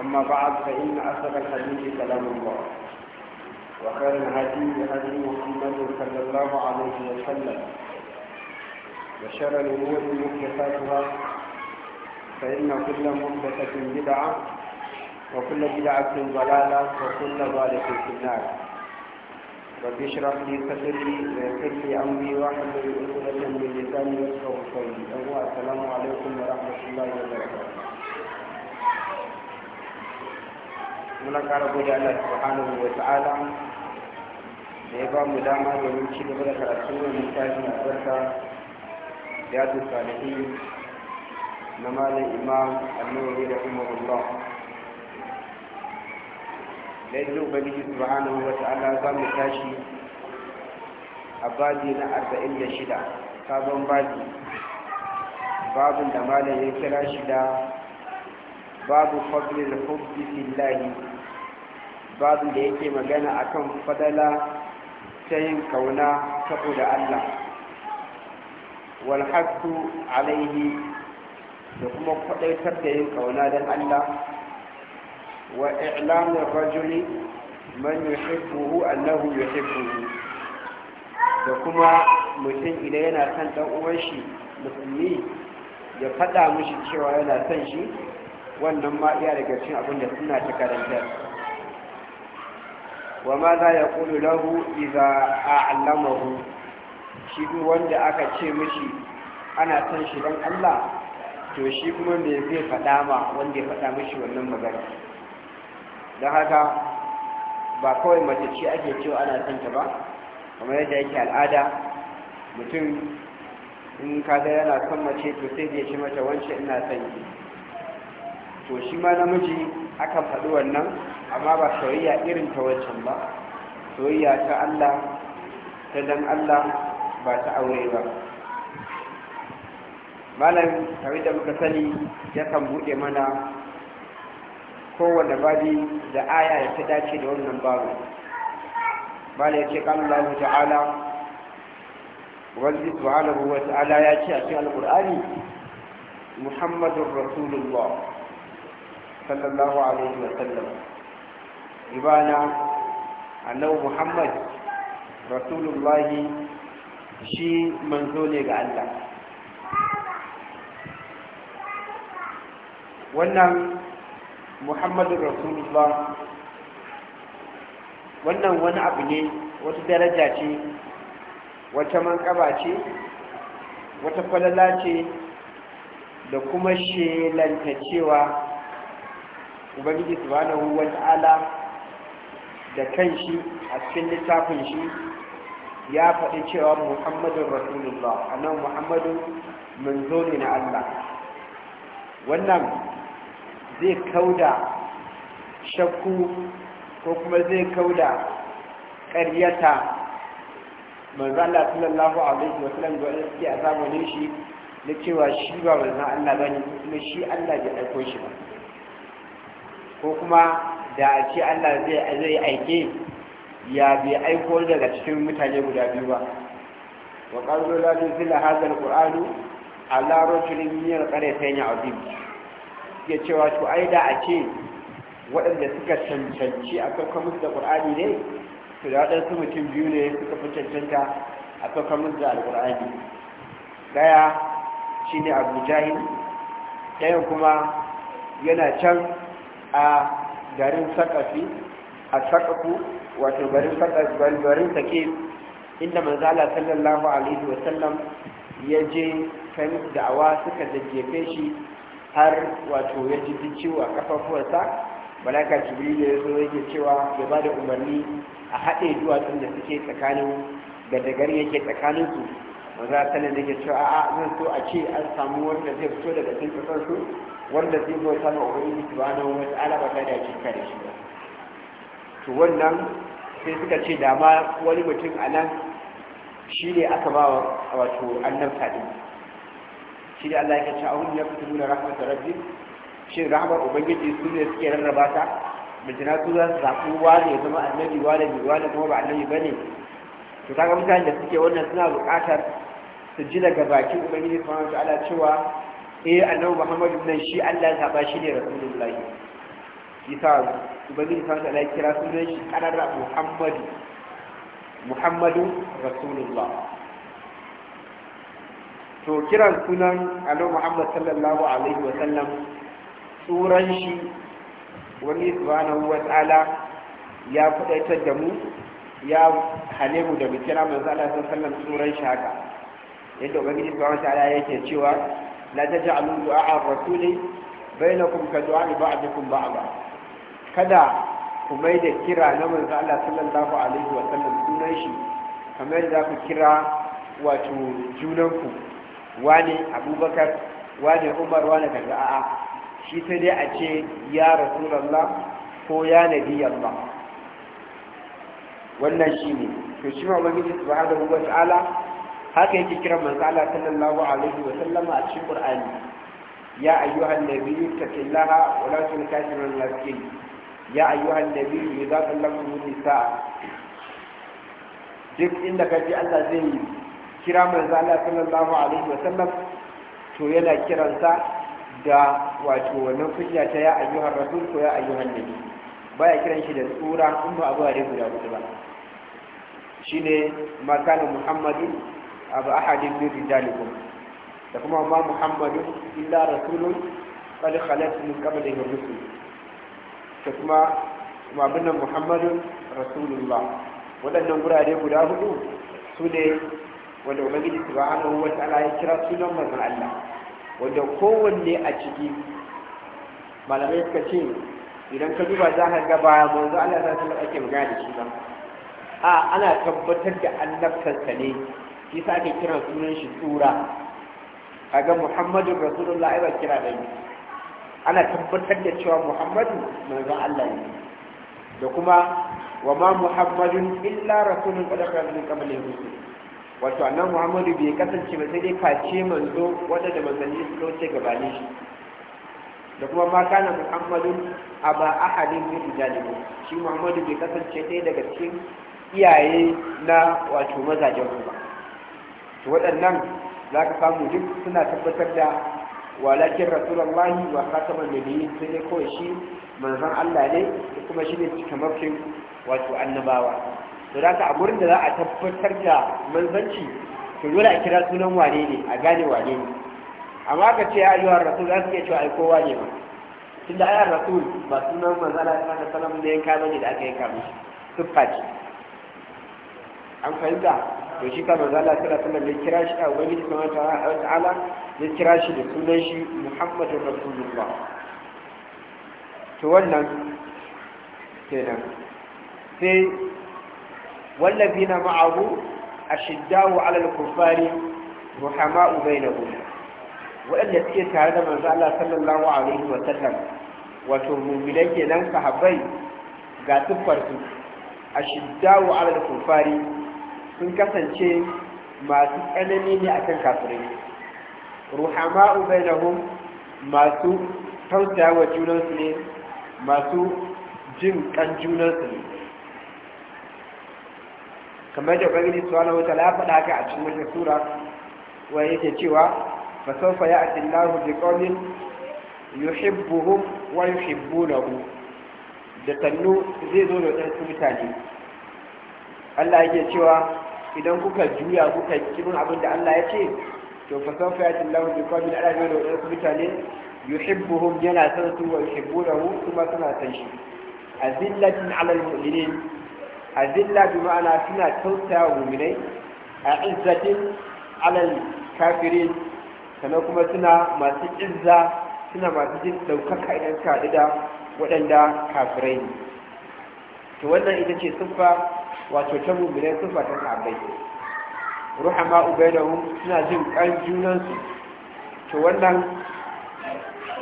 أما بعد فإن أصدق الحديث كلام الله وخير الهدي هدي محمد صلى الله عليه وسلم وشر الأمور محدثاتها فإن كل محدثة بدعة وكل بدعة ضلالة وكل ضالة في النار رب اشرح لي صدري ويسر لي أمري واحلل عقدة من لساني يفقهوا قولي السلام عليكم ورحمة الله وبركاته muna kara gode Allah subhanahu wa ta'ala da ya ba mu dama domin ci gaba da karatu da littafin albarka ya tu salihi na malam imam annabi da kuma Allah da yanzu ubangiji subhanahu wa ta'ala za mu tashi a baji na arba'in da shida sabon baji babin da malam ya kira shida babu fadlil hubbi fillahi Babin da yake magana akan fadala ta yin kauna saboda Allah walhassu alaihi da kuma kwadaitar da yin kauna don Allah wa i'lamin rajuli man yuhibbuhu annahu yuhibbuhu da kuma mutum idan yana son dan uwan shi musulmi ya fada mishi cewa yana son shi wannan ma iya daga cikin abin da suna ta karantar wa ma za ya kulu lahu iza a'lamahu shi duk wanda aka ce mashi ana san shi don Allah to shi kuma me zai faɗa ma wanda ya faɗa mashi wannan magana don haka ba kawai mace ce ake cewa ana son ta ba kamar yadda yake al'ada mutum in kaga yana son mace to sai zai ce mata wancan ina son ki to shi ma namiji akan faɗi wannan amma ba soyayya irin ta wancan ba soyayya ta Allah ta dan Allah ba ta aure ba malam kamar da muka sani yakan buɗe mana kowane babi da aya ya ta dace da wannan babu malam ya ce kan Allah ta'ala wanda subhanahu wa ta'ala ya ce a cikin alqur'ani muhammadur rasulullah sallallahu alaihi wa sallam ibana annabi muhammad rasulullahi shi manzo ne ga allah wannan muhammadu rasulullah wannan wani abu ne wata daraja ce wata mankaba ce wata falala ce da kuma shelanta cewa ubangiji subhanahu ta'ala da kan shi a cikin littafin shi ya faɗi cewa muhammadun rasulullah anan muhammadun zo ne na Allah wannan zai kauda shakku ko kuma zai kauda ƙaryata manzo Allah sallallahu alaihi wa sallam da suke a zamanin shi da cewa shi ba manzo Allah ne kuma shi Allah bai aiko shi ba ko kuma da a ce Allah zai aike ya bai aiko daga cikin mutane guda biyu ba wa ƙarfi da su zila hazar ƙur'anu a larocin miyar ƙare ta yi abin ya cewa to ai da a ce waɗanda suka cancanci a kakkan musu da ƙur'ani ne to da waɗansu mutum biyu ne suka fi cancanta a kakkan musu da alƙur'ani ɗaya shi ne abu jahil ɗayan kuma yana can a garin sakafi a sakafu wato garin sakafi garin take inda manzala sallallahu alaihi sallam ya je kan da'awa suka jajjefe shi har wato ya ji ciwo a kafafuwarsa malaka da ya zo yake cewa ya ba da umarni a haɗe duwatsun da suke tsakanin gadagari yake tsakaninsu maza sanin da ke cewa a zan so a ce an samu wanda zai fito daga cikin kasar su wanda zai zo sama ubangiji subhanahu wani ta'ala ba ta da ya cika da shi ba to wannan sai suka ce da ma wani mutum a nan shi ne aka ba wato annabta din shi ne Allah ya ce a wani ya fito nuna ta rabbi shin rahama ubangiji su ne suke rarraba ta mutuna su za su zaɓi wane ya zama annabi wane wane kuma ba annabi ba ne to kaga mutane da suke wannan suna buƙatar su ji daga bakin ubangiji kuma wa ta'ala cewa eh annabi muhammadu nan shi Allah ya ba shi ne rasulullahi Isa ubangiji subhanahu wa ta'ala ya kira sunan shi kararra muhammadu muhammadu rasulullah to kiran sunan annabi muhammad sallallahu alaihi wa sallam tsuran shi wani subhanahu wa ta'ala ya kudaitar da mu ya hane mu da mu kira manzo Allah sallallahu alaihi wa sallam tsuran shi haka yadda ubangiji subhanahu wataala yake cewa la taj'alu du'a ar-rasuli bainakum ka du'a ba'dikum ba'da kada ku mai da kira na manzo Allah sallallahu alaihi wa sallam sunan shi kamar da ku kira wato junan ku, wani Abubakar wani Umar wani kaza a'a shi sai dai a ce ya rasulullah ko ya nabi Allah wannan shine to shi ma ubangiji subhanahu wataala haka yake kiran manzo Allah sallallahu alaihi wa sallama a cikin Qur'ani ya ayyuhan nabiyyu taqillaha wa la tunkasiru al-lakin ya ayyuhan nabiyyu idza talaqtum nisaa duk inda kaji Allah zai yi kira manzo Allah sallallahu alaihi wa sallam to yana kiransa da wato wannan kunya ta ya ayyuhan rasul ko ya ayyuhan nabi baya kiran shi da tsura in ba abu a guda ba shine makana muhammadin abu ahadin min rijalikum da kuma ma muhammadu illa rasulun qad khalat min qablihi rusul da kuma kuma abin Muhammadu muhammadun rasulullah waɗannan gurare guda hudu su ne wanda ubangiji subhanahu wa ta'ala ya kira sunan manzon Allah wanda kowanne a ciki malamai suka ce idan ka duba za ka ga ba manzo Allah ta sallallahu ake magana da shi ba a ana tabbatar da annabtansa ne shi ake kiran sunan shi tsura ga muhammadu rasulullah ai ba kira da ni ana tabbatar da cewa muhammadu manzon Allah ne da kuma wa ma muhammadun illa rasulun qad kana min qablihi rusul wato annan muhammadu bai kasance ba sai dai face manzo wanda da manzanni su kauce gabani shi da kuma ma kana muhammadun a halin min rijalikum shi muhammadu bai kasance ɗaya daga cikin iyaye na wato mazajen ba to waɗannan za ka samu duk suna tabbatar da walakin rasulullahi wa khataman nabiyyin sai dai kawai shi manzon Allah ne da kuma shi ne cikamakin wato annabawa to da a gurin da za a tabbatar da manzanci to dole a kira sunan wane ne a gane wane ne amma ka ce ya ayyuhar rasul za su iya cewa ai kowa ne ba tunda ayar rasul ba sunan manzon Allah sallallahu alaihi wasallam ne ya kama ne da aka yi mishi siffa ce an fahimta to shi ka manzo Allah sallallahu alaihi ya kira shi a wani subhanahu wa ta'ala ya kira shi da sunan shi Muhammadur Rasulullah to wannan kenan sai wallazina ma'ahu ashiddau 'ala al-kuffari ruhama'u bainahum waɗanda suke tare da manzo Allah sallallahu alaihi wa sallam wato mu'minai kenan sahabbai ga tuffarsu ashiddau 'ala al-kuffari sun kasance masu tsanani ne akan kafirai na hun masu tausaya junansu ne masu jin kan junansu ne kamar da ubangiji subhanahu wataala ya faɗa haka a cikin wata sura wa yake cewa fa sawfa ya'ti Allahu bi qawmin yuhibbuhum wa hu? da tannu zai zo da su mutane Allah yake cewa idan kuka juya kuka kibin abin da Allah ya ce to fa sawfa yati Allahu bi qabil ala da al mutane yuhibbuhum yana sanatu su wa yuhibbunahu kuma suna san shi azillatin ala al mu'minin azilla bi ma'ana suna tausaya wa mu'minai a izzatin ala al kafirin sannan kuma suna masu izza suna masu jin daukaka idan suka haɗu da waɗanda kafirai to wannan ita ce siffa wato ta mummunan sifa ta Ruha ruhama ubainahum suna jin kan junansu to wannan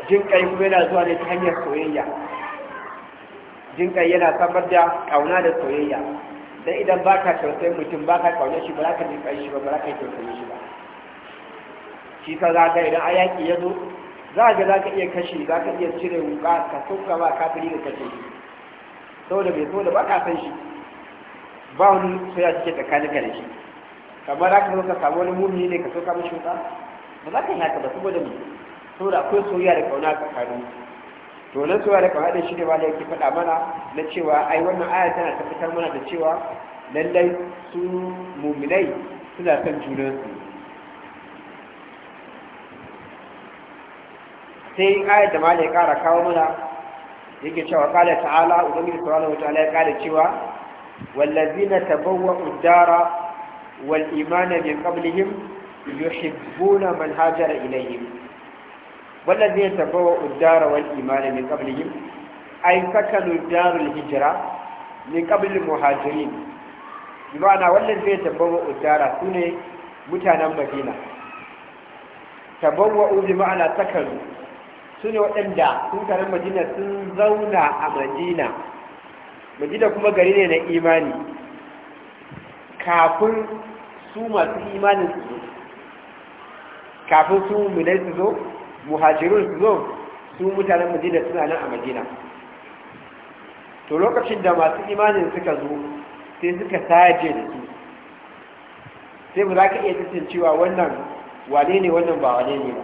jin kai kuma yana zuwa ne ta hanyar soyayya jin kai yana samar da kauna da soyayya dan idan baka tausayin mutum baka ƙauna shi ba za ka jin kai shi ba ba za ka tausayin shi ba shi ka za ka idan ayaki ya zo za ga za ka iya kashe za ka iya cire wuka ka sauka ba kafiri da kashe shi saboda bai so da ba ka san shi ba wani soya cike tsakanin ka da shi kamar aka zo ka samu wani mumini ne ka soka mishi wuta ba za ka yi haka ba saboda mu saboda akwai soyayya da kauna tsakanin to nan soyayya da kauna da shi ne da yake faɗa mana na cewa ai wannan aya tana tabbatar mana da cewa lallai su muminai suna son junansu sai ayat da malai kara kawo mana yake cewa kala ta'ala ubangiji subhanahu wa ta'ala ya kara cewa والذين تبوأوا الدار والإيمان من قبلهم يحبون من هاجر إليهم والذين تبوأوا الدار والإيمان من قبلهم أي سكنوا دار الهجرة من قبل المهاجرين بمعنى والذين تبوأوا الدار سنة متانا مدينة tabawwa'u bi ma'ana takalu sune waɗanda sun karin madina sun zauna a madina madina kuma gari ne na imani kafin su masu imanin su zo kafin su muminai su zo muhajirun su zo su mutanen madina suna nan a madina to lokacin da masu imanin suka zo sai suka saje da su sai ba za ka iya cikin cewa wannan wane ne wannan ba wane ne ba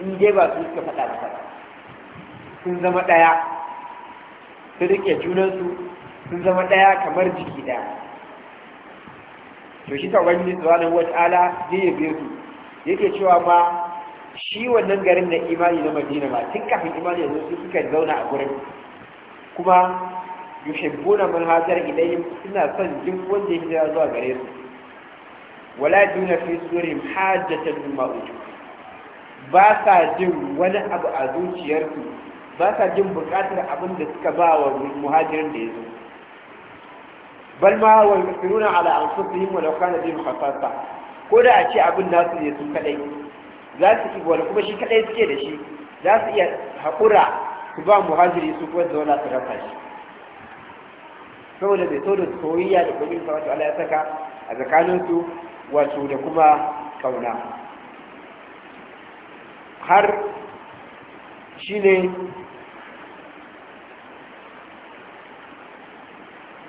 in dai ba su suka faɗa da faɗa sun zama ɗaya su riƙe junansu sun zama ɗaya kamar jiki ɗaya to shi ta wani subhanahu wata'ala zai yabe su yake cewa ma shi wannan garin na imani na madina ba, tun kafin imani yanzu su suka zauna a gurin kuma yushabbuna man hajar ilayin suna son jin wanda ya hijira zuwa gare su wala duna fi surihim hajjatan mimma utu ba sa jin wani abu a zuciyarsu ba sa jin bukatar abin da suka ba wa muhajirin da ya zo bal ma wal musiruna ala anfusihim wa law kana bihim khasasa ko da a ce abin nasu ne su kadai za su ki wala kuma shi kadai suke da shi za su iya hakura su ba muhajiri su kuma zauna su rasa shi saboda bai so da soyayya da kuma sa wato Allah ya saka a tsakanin su wato da kuma kauna har shine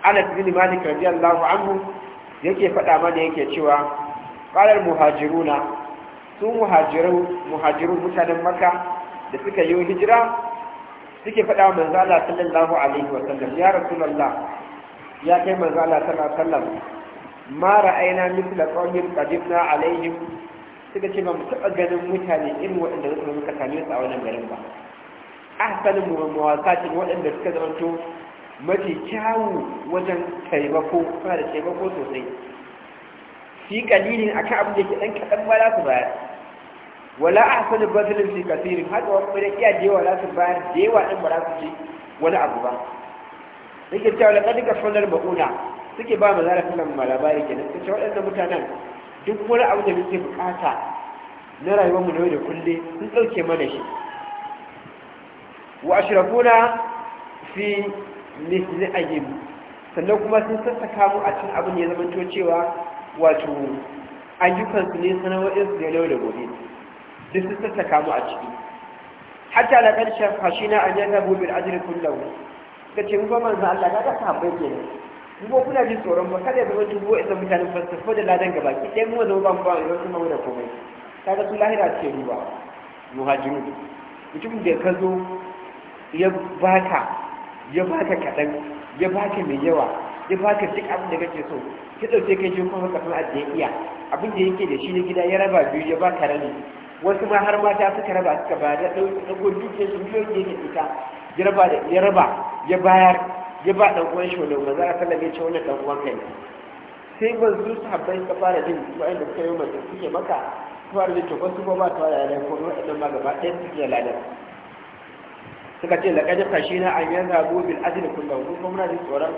anas bin malik radiyallahu anhu yake faɗa mana yake cewa qalar muhajiruna su muhajiru muhajiru mutanen makka da suka yi hijira suke faɗa wa manzo Allah sallallahu alaihi wa sallam ya rasulullah ya kai manzo Allah sallallahu alaihi wa sallam ma ra'ayna mithla qawmin qadibna alaihim suka ce ba mu taɓa ganin mutane irin waɗanda suka muka same su a wannan garin ba ahsanu muwasatin waɗanda suka zamanto mafi kyawu wajen taimako suna da taimako sosai fi kalilin akan abin da ke ɗan kaɗan ba za su bayar wala a hasanin basirin fi kasirin haka wani kuma iya da yawa za su bayar da yawa ɗan ba za su ce wani abu ba nake cewa da ɗan kafanar ma'una suke ba mu zara filan ma labari ke nan cewa waɗannan mutanen duk wani abu da muke buƙata na rayuwar mu na yau da kulle sun ɗauke mana shi wa ashirafuna fi misli ajib sannan kuma sun sassaka mu a cikin abin da ya zama to cewa wato ayyukan su ne sana'o'in su da yau da gobe duk sun sassaka mu a ciki hatta la karshen hashina an yadda bu bil ajri kullahu kace mu ba manzo Allah kaga sahabbai kenan mu ba kuna jin tsoron ba kada ya zama tubu wa'in zan mutanen fasafo da ladan gaba ki ɗaya mu zama ban ba wani kuma mu da komai kaga sun lahira ce ruwa muhajiru mutum da ka zo ya baka ya baka kaɗan ya baka mai yawa ya baka duk abin da kake so ki ɗauke kai shi kuma ka a da iya abin da yake da shi na gida ya raba biyu ya baka rani wasu ma har mata suka raba suka ba da ɗauko duke su biyo ne ita ya raba ya raba ya bayar ya ba ɗan uwan shi wanda maza a sallam ya ce wannan ɗan uwan kai sai ban su sahabbai ka fara jin wa'anda suka yi mace suke maka tuwar da ke wasu ba ba tuwar da ya ko waɗannan ma gaba ɗaya suke lalata suka ce da kajin kashi na an yanzu abu bil da kullum kun kuma muna jin tsoron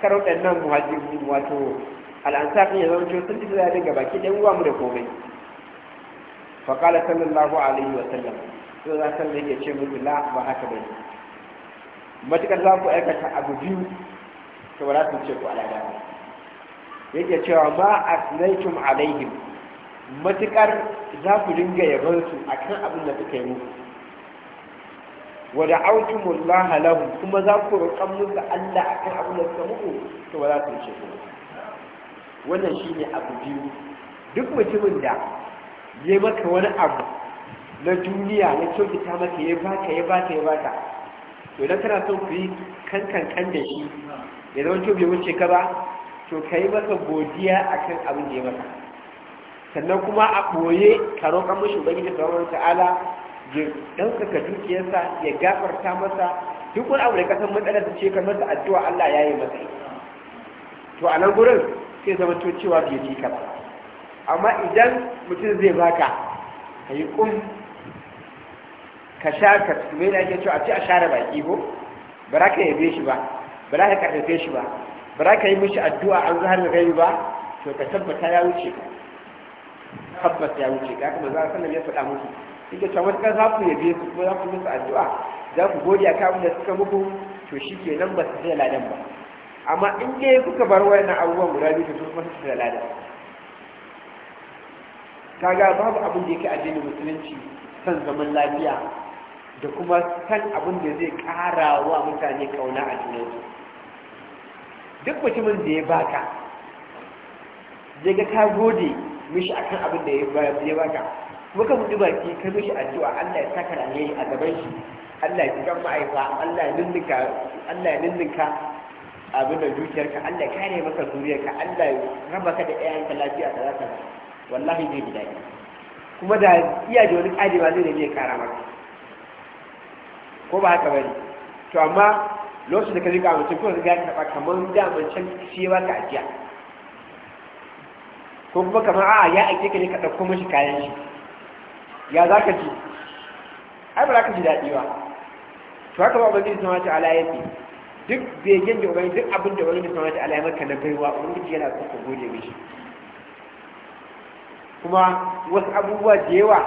kar nan muhajirin wato al'ansakin ya zama cewa sun ji zai daga baki ɗan uwa mu da komai faƙala a alayhi wa sallam sai za san yake ce musu la ba haka bai matukar za ku aikata abu biyu to ba za su ce ku alada ba yake cewa ma asnaitum alaihim matukar za ku dinga yabansu akan abin da suka yi muku wa da'awtumullaha lahu kuma za ku roƙan musu Allah akan abin da suka muku to ba za ku ce ku wannan shine abu biyu duk mutumin da ya maka wani abu na duniya na kyautata maka ya baka ya baka ya baka to idan kana son ku yi kankan kan da shi ya zama kyau bai wuce ka ba to yi maka godiya akan abin da ya maka sannan kuma a ɓoye ka roƙan mashi ubangiji subhanahu ta'ala ya ɗaukaka dukiyarsa ya gafarta masa duk wani abu da ka san matsalar da ce ka masa addu'a Allah ya yi masa to a nan gurin sai zama to cewa bai ji ka ba amma idan mutum zai baka ka yi kum ka sha ka tume da ake cewa a ce a share baki ko ba za ka yabe shi ba ba za ka karfafe shi ba ba za ka yi mishi addu'a an zahar da gani ba to ka tabbata ya wuce ka tabbata ya wuce ka kuma za a sanar ya faɗa musu yake ta matuƙar za ku yabe su ko za ku musu addu'a za ku gode a kamun da suka muku to shi ke nan ba su da ladan ba amma in dai kuka bar wayannan abubuwan guda biyu to su kuma su da ladan kaga babu abin da yake addinin musulunci san zaman lafiya da kuma san abin da zai ƙara wa mutane kauna a su duk mutumin da ya baka ya ga ka gode mishi akan abin da ya baka muka mutu baki ka mishi addu'a Allah ya saka rane a gaban shi Allah ya jikan ma'aifa Allah ya ninninka Allah ya ninninka abin da zuciyarka Allah ya kare maka zuriyarka Allah ya raba ka da ƴaƴanka lafiya da zaka wallahi zai ji daɗi kuma da iya da wani ƙari ba zai da ya kara maka ko ba haka bane to amma lokacin da ka rika mutum ko ka ga ka kamar daman can shi ba ka ajiya ko kuma kamar a'a ya ake ka ne ka dauko mashi kayan shi ya za ka ci ai ba za ka ji daɗi ba to haka ba ubangiji sun wata ala ya ce duk begen da ubangiji duk abin da ubangiji sun wata ala ya maka na baiwa ubangiji yana so ka gode mishi kuma wasu abubuwa da yawa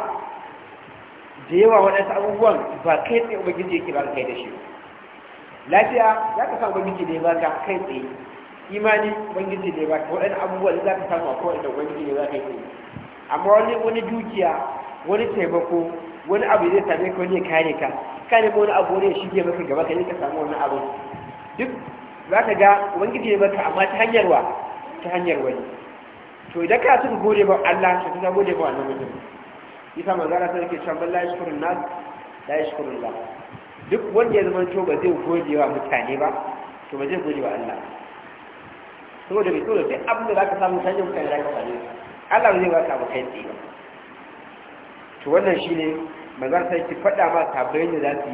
da yawa waɗansu abubuwan ba kai tsaye ubangiji yake ba kai da shi lafiya za ka samu ubangiji da ba ka kai tsaye imani ubangiji da ba ka. waɗansu abubuwa za ka samu a kowane da ubangiji da za ka yi tsaye amma wani wani dukiya wani taimako wani abu zai same ka wani kare ka ka nemi wani abu ne ya shige maka gaba ka ne ka samu wani abu duk za ka ga ubangiji ne maka amma ta hanyar wa ta hanyar wani to idan ka sun gode ba Allah to ka gode ba wannan mutum isa manzara sai yake cewa la yashkurun nas la yashkurun la duk wanda ya zama to ba zai gode wa mutane ba to ba zai gode wa Allah saboda bai so da duk abin da ka samu sai mutane zaka same Allah ba zai baka ba kai tsaye to wannan shine manzon sai ki faɗa ma sabai ne za su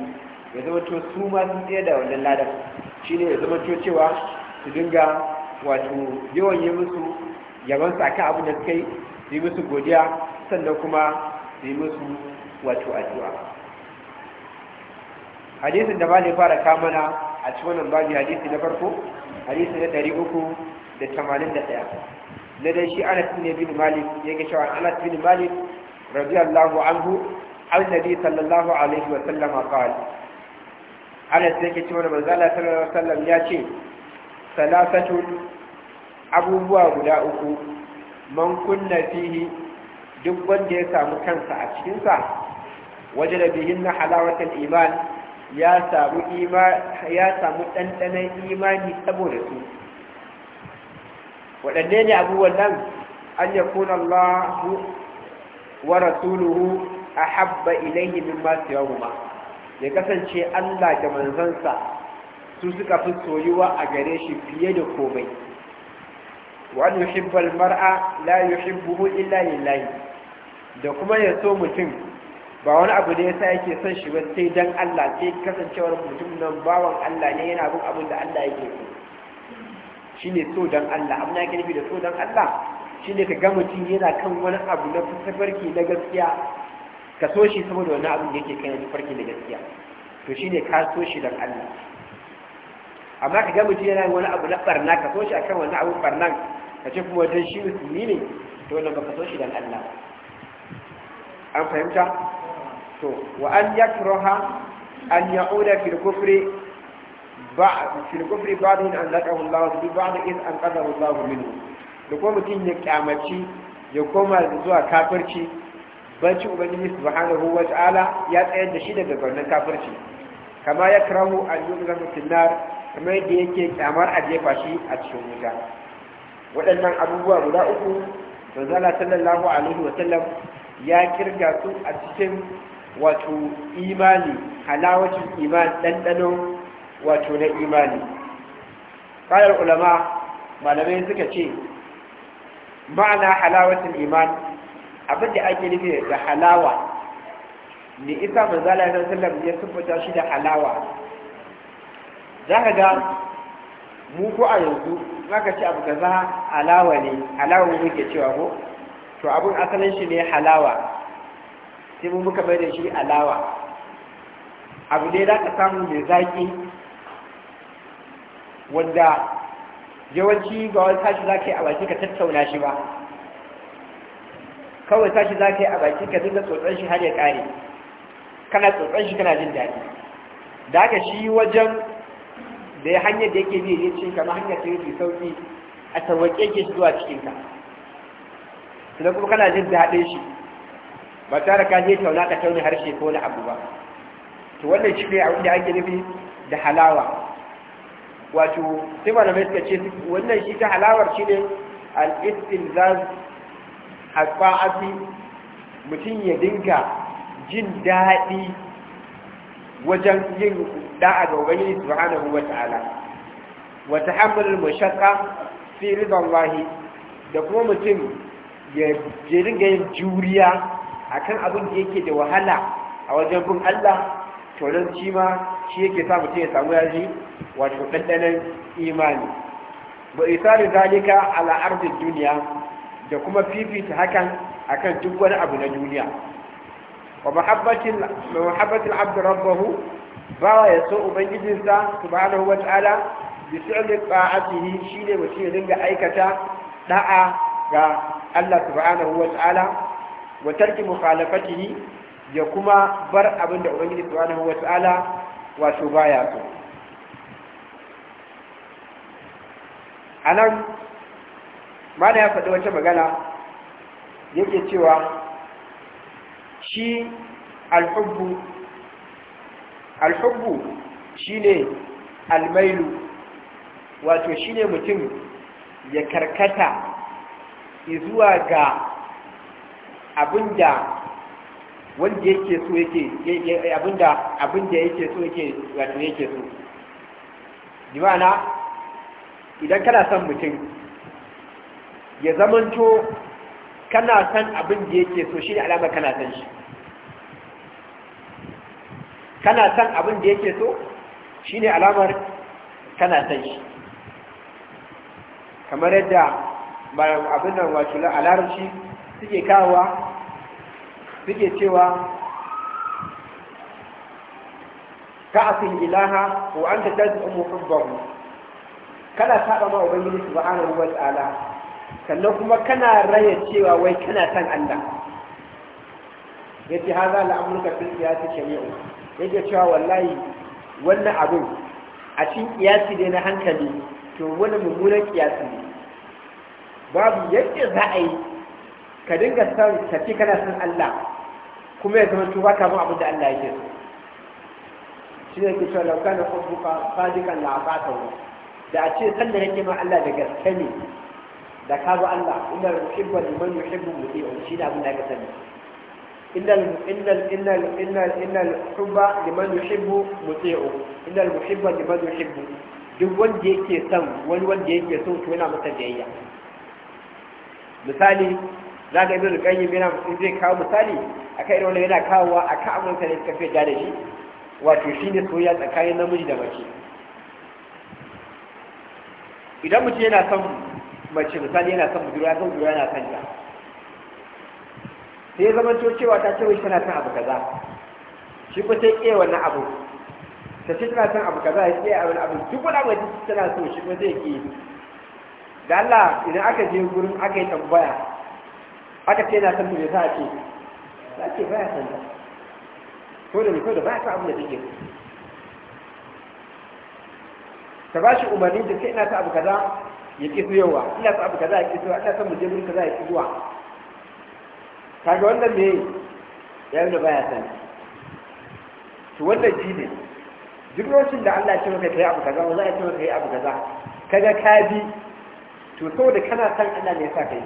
yi ya zama to su ma su tsaye da wannan ladan ne ya zama to cewa su dinga wato yawan yi musu yaban su akan abin da suka yi su yi musu godiya sannan kuma su yi musu wato addu'a hadisin da ba ne fara kamana a cikin wannan babu hadisi na farko hadisi na ɗari uku da tamanin da ɗaya na dai shi anas bin malik ya ga cewa anas bin malik رضي الله عنه عن النبي صلى الله عليه وسلم قال أنا سيكت من صلى الله عليه وسلم ياتي ثلاثة abubuwa guda uku man kunna duk wanda ya samu kansa a cikinsa waje da bihin na halawatar iman ya samu ɗanɗanon imani saboda su waɗanne ne abubuwan nan an yakuna Allah wa rasuluhu ahabba ilayhi mimma siyahuma ya kasance Allah da manzansa su suka fi soyuwa a gare shi fiye da komai wa an yuhibba almar'a la yuhibbuhu illa lillahi da kuma ya so mutum ba wani abu da yasa yake son shi ba sai dan Allah sai kasancewar mutum nan bawan Allah ne yana bin abin da Allah yake so shine so dan Allah amma yake nufi da so dan Allah shi ne ka gama mutum yana kan wani abu na tafarki na gaskiya ka so shi saboda wani abu yake kan na tafarki na gaskiya to shi ne ka so shi don Allah amma ka ga mutum yana wani abu na barna ka so shi akan wani abu barnan ka ce kuma wajen shi musulmi ne to wannan ba ka so shi don Allah an fahimta to wa an ya yakroha an ya fil kufri ba fil kufri ba'dun an laqahu Allah ba ba'd id an qadahu Allah minu. da kuma mutum ya kyamaci ya koma zuwa kafirci banci ubangiji subhanahu ruwa ta'ala ya tsayar da shi daga gwamnan kafirci kama ya karahu a yi zama finnar kamar yadda yake kyamar a jefa shi a cikin wuta waɗannan abubuwa guda uku zala sallallahu alaihi wa sallam ya kirga su a cikin wato imani halawacin imani ɗanɗano wato na imani ƙayar ulama malamai suka ce ma'ana halawatul iman abin da ake nufi da halawa ne isa manzala ya sallam ya tabbata shi da halawa za ka ga mu ko a yanzu za ka ce abu kaza halawa ne halawa muke cewa ko to abin asalin shi ne halawa sai mu muka bai da shi halawa. abu ne za ka samu mai zaki wanda yawanci ba wani tashi za ka yi a baki ka tattauna shi ba kawai tashi za ka yi a baki ka dinga tsotson shi har ya ƙare kana tsotson shi kana jin daɗi da aka shi wajen da ya hanyar da yake biye ne cin kama hanyar yi yake sauƙi a tarwaƙe ke shi zuwa cikinka sannan kuma kana jin daɗin shi ba tare ka je tauna ka tauna harshe ko wani abu ba to wannan shi ne a wanda ake nufi da halawa wato sai malamai suka ce wannan shi ta halawar shi ne al-istilzaz mutum ya dinga jin daɗi wajen yin da'a ga ubangiji subhanahu wa ta'ala wa tahammulul mashaqqa fi ridallahi da kuma mutum ya dinga yin juriya akan abin da yake da wahala a wajen bin Allah tonin shi ma shi yake sa mutum ya samu yaji wato ɗanɗanen imani ba isa da zalika ala duniya da kuma fifita hakan akan duk wani abu na duniya wa mahabbatin abdu rabbahu bawa ya so ubangijinsa subhanahu wa ta'ala bi fi'li ta'atihi shine mutum ya dinga aikata da'a ga Allah subhanahu wa ta'ala wa tarki mukhalafatihi ya kuma bar abin da ubangiji subhanahu wa ta'ala wato baya so anan mana ya faɗi wata magana yake cewa shi alhubbu alhubbu shine almailu wato shine mutum ya karkata zuwa ga abinda wanda yake so yake eh, abinda abinda yake so yake wato yake so dimana idan kana son mutum ya zamanto kana son abin da yake so shi ne alama kana son shi kana son abin da yake so shi ne alamar kana son shi kamar yadda abin nan wato a suke kawowa suke cewa ka a sun ilaha wa anta tazmu hubbahu kana saba ma ubangiji ba'ana ruwa tsala sannan kuma kana raya cewa wai kana san Allah yace haza la'amurka fil qiyas shari'u ce cewa wallahi wannan abin a cikin kiyasi ne na hankali to wani mummunan kiyasi ne babu yadda za a yi ka dinga son ka ce kana son Allah kuma ya zama ba ka abin da Allah yake so shi ne ke cewa lauka na kwamfuka sadikan la'afata wa da a ce san da yake ma Allah da gaske ne da ka bi Allah inda yuhibbu liman yuhibbu muti'un shi ne abin da ka sani innal innal innal innal innal hubba liman yuhibbu muti'u innal muhibba liman yuhibbu duk wanda yake son wani wanda yake so to yana masa biyayya misali za ka ibn qayyim yana in zai kawo misali akan irin wanda yana kawowa akan abin da suka fi da shi wato shine soyayya tsakanin namiji da mace idan mutum yana son mace misali yana son budurwa ko budurwa yana son ta sai ya zama cewa ta ce wai tana son abu kaza shi ko sai ƙe wannan abu ta ce tana son abu kaza ya ƙe a wani abu duk wani abu da tana so shi ko zai ƙe da Allah idan aka je gurin aka yi tambaya aka ce na san to za a ce za a ce baya sanda, ko da ko da baya ta abu da take ka ba shi umarni da sai ina ta abu kaza ya su zuwa ina ta abu kaza ya ki su ina ta muje mun kaza ya ki zuwa kaga wannan ne ya yi da baya san to wannan ji ne duk lokacin da Allah ya ce maka kai abu kaza wanda ya ce maka yi abu kaza kaga ka bi to saboda kana san Allah ne ya sa kai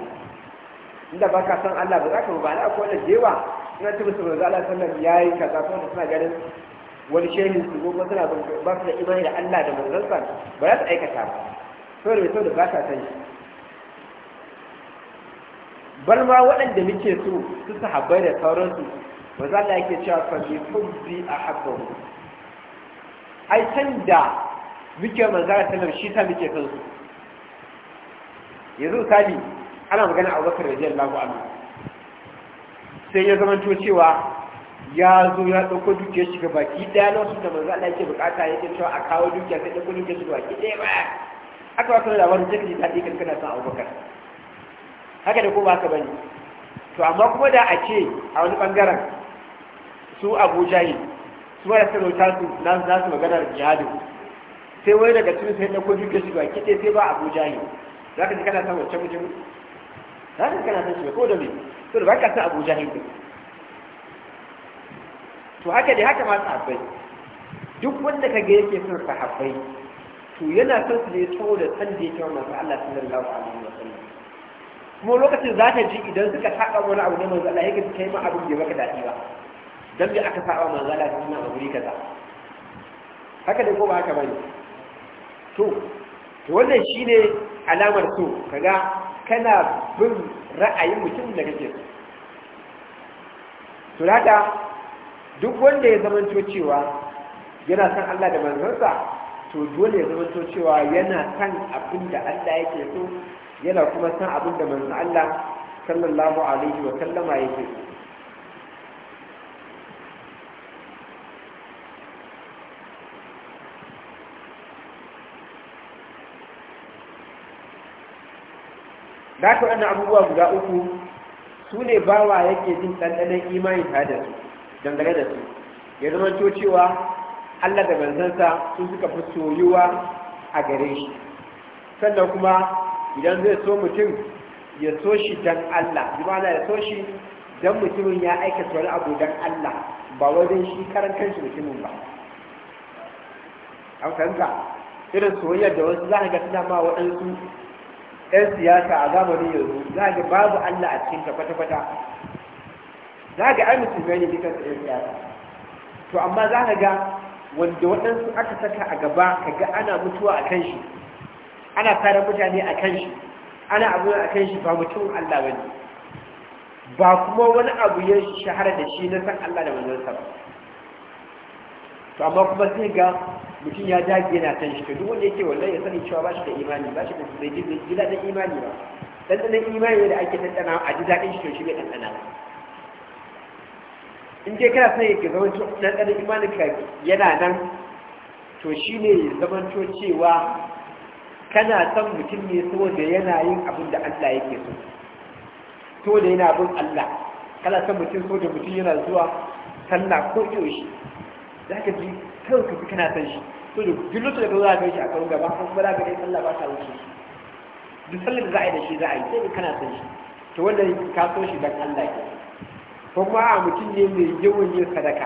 inda ba ka san Allah ba za ka ba na akwai wanda jewa suna ci musu manzo Allah sallallahu alaihi wasallam kaza da suna ganin wani shehu su ko kuma suna ba su da imani da Allah da manzansa ba za su aikata ba saboda mai da ba ka san shi bal ma waɗanda muke so su sahabbai da sauransu ba za Allah yake cewa fa bi hubbi ahabbahu ai san da muke manzo Allah sallallahu alaihi wasallam shi ta muke kansu. yanzu kali ana magana Abu Bakar radiyallahu amma, sai ya zama cewa ya zo ya ɗauko dukiyar shiga baki ɗaya na wasu da manzo Allah yake bukata yake cewa a kawo dukiya sai ɗauko dukiyar shiga baki ɗaya ba aka wasu labarin take ta daɗi kan kana san abubakar haka da ko ba haka bane to amma kuma da a ce a wani bangaren su abu jahil su ma da suka rauta su na su magana da jihadin sai wani daga cikin sai ɗauko dukiyar shiga baki ɗaya sai ba abu jahil za ka ji kana san wancan mutum haka kana san shi ko da me to da baka san Abu Jahil to haka dai haka ma sahabbai duk wanda ka ga yake son ka sahabbai to yana son su ne da san da yake wannan sa Allah sallallahu alaihi wasallam kuma lokacin za ta ji idan suka saba wani abu ne manzo Allah yake kai ma abu da baka dadi ba dan da aka saba manzo Allah kuma a guri kaza haka dai ko ba haka bane to to wannan shine alamar so kaga kana bin ra'ayin mutum da kake so to duk wanda ya zamanto cewa yana san Allah da manzansa to dole ya zamanto cewa yana san abin da Allah yake so yana kuma san abin da manzon Allah sallallahu alaihi wa sallama yake so da haka abubuwa guda uku su ne bawa yake jin ɗanɗanon imani tare da su dangane da su ya zama to cewa Allah da manzansa sun suka fi soyuwa a gare shi sannan kuma idan zai so mutum ya so shi dan Allah jimana ya so shi dan mutumin ya aikata wani abu dan Allah ba wajen shi karan kanshi mutumin ba an fahimta irin soyayyar da wasu za a ga suna ma waɗansu ɗan siyasa a zamanin yanzu za ga babu Allah a cikin kwata-kwata za ga ai musulmai ne dukan ɗan siyasa to amma za ka ga wanda waɗansu aka saka a gaba ka ga ana mutuwa a kan shi ana tare mutane a kan shi ana abu a kan shi ba mutum Allah ba ne ba kuma wani abu ya shahara da shi na san Allah da manzansa ba to amma kuma sai ga mutum ya dage yana kan shi to duk wanda yake wallahi ya sani cewa ba shi da imani ba shi da zai ji zai ji da imani ba dan imani da ake tantana a ji dadin shi to shi bai tantana ba in dai kana son to dan dan imani ka yana nan to shi ne to cewa kana son mutum ne saboda yana yin abin da Allah yake so saboda yana bin Allah kana son mutum saboda mutum yana zuwa sallah ko yaushe za ka ji kawai ka fi kana san shi to da da ka zo za shi a karon gaba ko kuma za ka yi sallah ba ta wuce shi. duk sallar da za a yi da shi za a yi sai kana san shi to wanda ka so shi dan Allah ke ko kuma a mutum ne mai yawan yin sadaka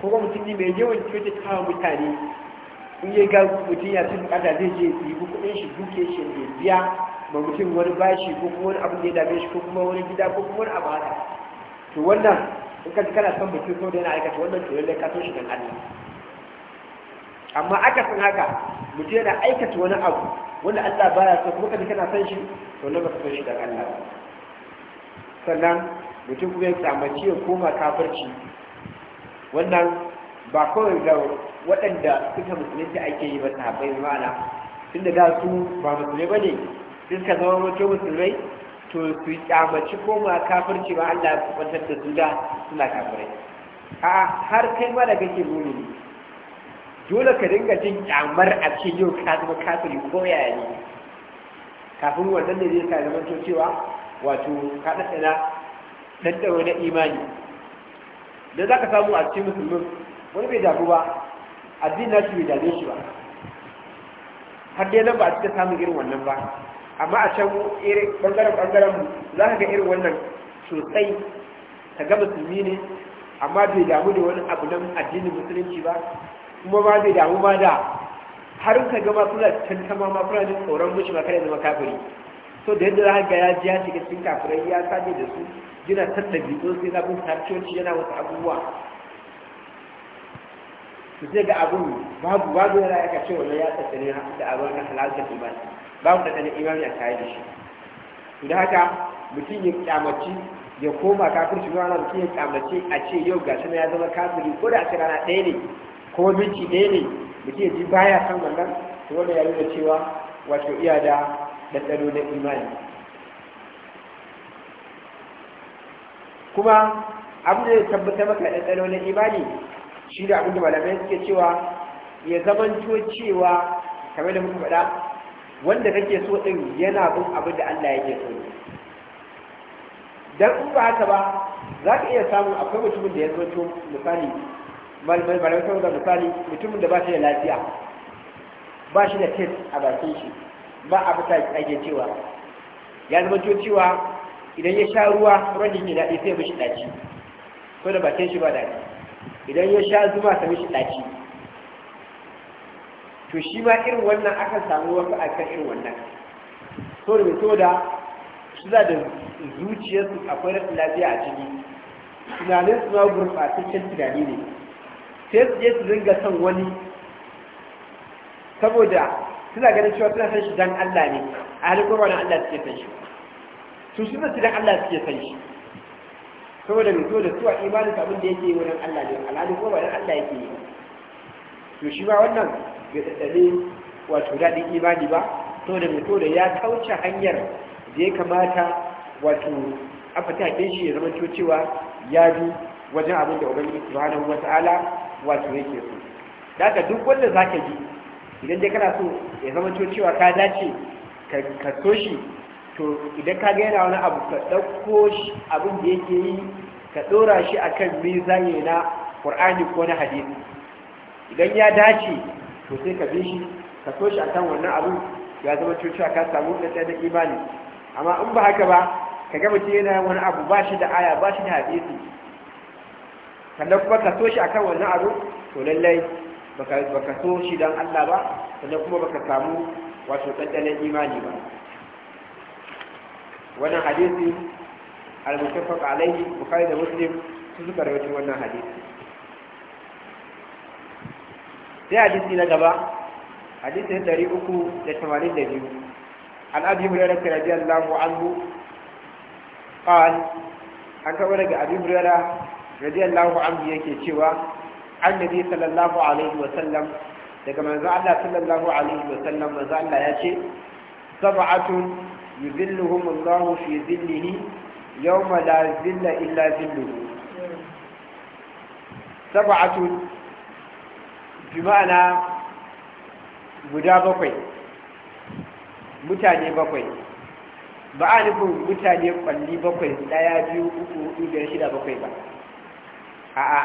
ko kuma mutum ne mai yawan kyauta kawo mutane in yi ga mutum ya ci bukata zai je yi kuɗin shi duke shi ne biya ma mutum wani bashi ko kuma wani abu da ya dame shi ko kuma wani gida ko kuma wani abu haka to wannan in ka kana son mutum ko da yana aikata wannan to lallai ka so shi dan Allah amma aka san haka mutum yana aikata wani abu wanda Allah baya so kuma ji kana son shi to lallai ka so shi dan Allah sannan mutum kuma ya samu ya koma kafirci wannan ba kawai da waɗanda suka musulunci ake yi ba sahabbai ma'ana tunda da su ba musulmai ba ne sun ka zama mutum musulmai to su yi kyamaci ma kafirci ba Allah ya kubantar da su da suna kafirai a har kai ma da kake mumini dole ka dinga jin kyamar a cikin yau ka zama kafiri ko yaya ne kafin wannan ne zai sa zama to cewa wato ka daddana daddawa na imani da za ka samu a cikin musulmi wani bai dafu ba addini na shi bai dame shi ba har dai nan ba a cikin samun irin wannan ba amma a can ɓangaren-ɓangaren mu za ka ga irin wannan sosai ka ga musulmi ne amma bai damu da wani abu nan addinin musulunci ba kuma ma bai damu ma da har ka gama suna tantama ma suna jin tsoron mushi ma kare zama kafiri so da yadda za ga ya ji ya shiga cikin kafirai ya saje da su yana tattabi bidon sai na bin tarcoci yana wasu abubuwa su sai ga abun babu babu yana ya kace wannan ya tattare da abin halalta imani babu da ɗanin imani a tare da shi da haka mutum ya kyamaci ya koma kafin shi rana mutum ya kyamaci a ce yau ga shi ya zama kafin ko da a rana ɗaya ne ko minti ɗaya ne mutum ya ji baya san wannan to wanda ya nuna cewa wato iya da ɗanɗano na imani kuma abu da ya tabbatar maka ɗanɗano na imani shi da abin da malamai suke cewa ya zamanto cewa kamar da muka faɗa wanda kake so ɗin yana bin abin da Allah yake so ne dan in ba haka ba za ka iya samun akwai mutumin da ya zo misali malamai sun da misali mutumin da ba shi da lafiya ba shi da tes a bakin shi ba a fita ake cewa ya zama to cewa idan ya sha ruwa ruwan da yake daɗi sai ya mishi ɗaci ko da bakin shi ba daɗi idan ya sha zuma sai mishi ɗaci to shi ma irin wannan akan samu wasu a kan irin wannan so da so da suna da zuciyarsu akwai rashin lafiya a ciki tunanin su ma cikin tunani ne sai su je su zinga son wani saboda suna ganin cewa suna san shi dan Allah ne a halin kuma dan Allah suke san shi su suna su dan Allah suke san shi saboda mai da su a imanin abin da yake wurin Allah ne alhali kuma wani Allah yake yi to shi ma wannan bai wato daɗin imani ba to da mai da ya kauce hanyar da ya kamata wato a fatakin shi ya zama cewa ya bi wajen abin da obin subhanahu wata'ala wato yake so daga duk wanda za ka ji idan dai kana so ya zama cewa ka dace ka so shi to idan ka ga yana wani abu ka ɗauko abin da yake yi ka ɗora shi a akan mizani na ƙwar'ani ko na hadisi idan ya dace to sai ka bi shi ka so shi akan wannan abu ya zama cewa ka samu da tsaye da imani amma in ba haka ba ka ga mutum yana wani abu ba shi da aya ba shi da hadisi sannan kuma ka so shi akan wannan abu to lallai baka so shi dan Allah ba sannan kuma baka samu wato ɗanɗanen imani ba wannan hadisi al-muttafaq alayhi bukhari da muslim su suka rawaito wannan hadisi sai hadisi na gaba hadisin 382 an abi hurairah radiyallahu anhu qal an kawo daga abi hurairah radiyallahu anhu yake cewa an annabi sallallahu alaihi wa sallam daga manzo Allah sallallahu alaihi wa sallam manzo Allah ya ce sab'atun yuzilluhum Allah fi zillihi yawma la zilla illa zilluhu hmm. sab'atun bi ma'ana guda bakwai mutane bakwai ba a nufin mutane kwalli bakwai daya biyu uku hudu shida bakwai ba a'a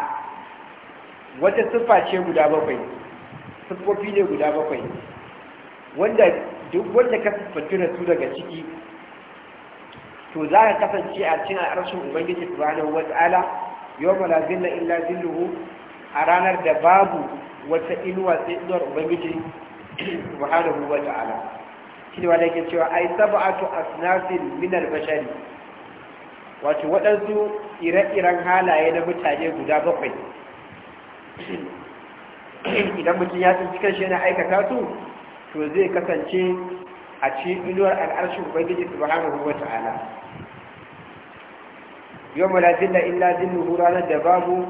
wata siffa ce guda bakwai siffofi ne guda bakwai wanda duk wanda ka siffantu na su daga ciki to za ka kasance a cin arshin ubangiji subhanahu wata'ala yawma la zilla illa zilluhu a ranar da babu wata inuwa sai inuwar ubangiji subhanahu wa ta'ala shi ne wanda yake cewa ai sab'atu asnasin min al-bashari wato waɗansu ire-iren halaye na mutane guda bakwai idan mutum ya tsinci kanshi yana aikata su to zai kasance a cikin inuwar al'arshin ubangiji subhanahu wa ta'ala yau mala zilla illa zilluhu ranar da babu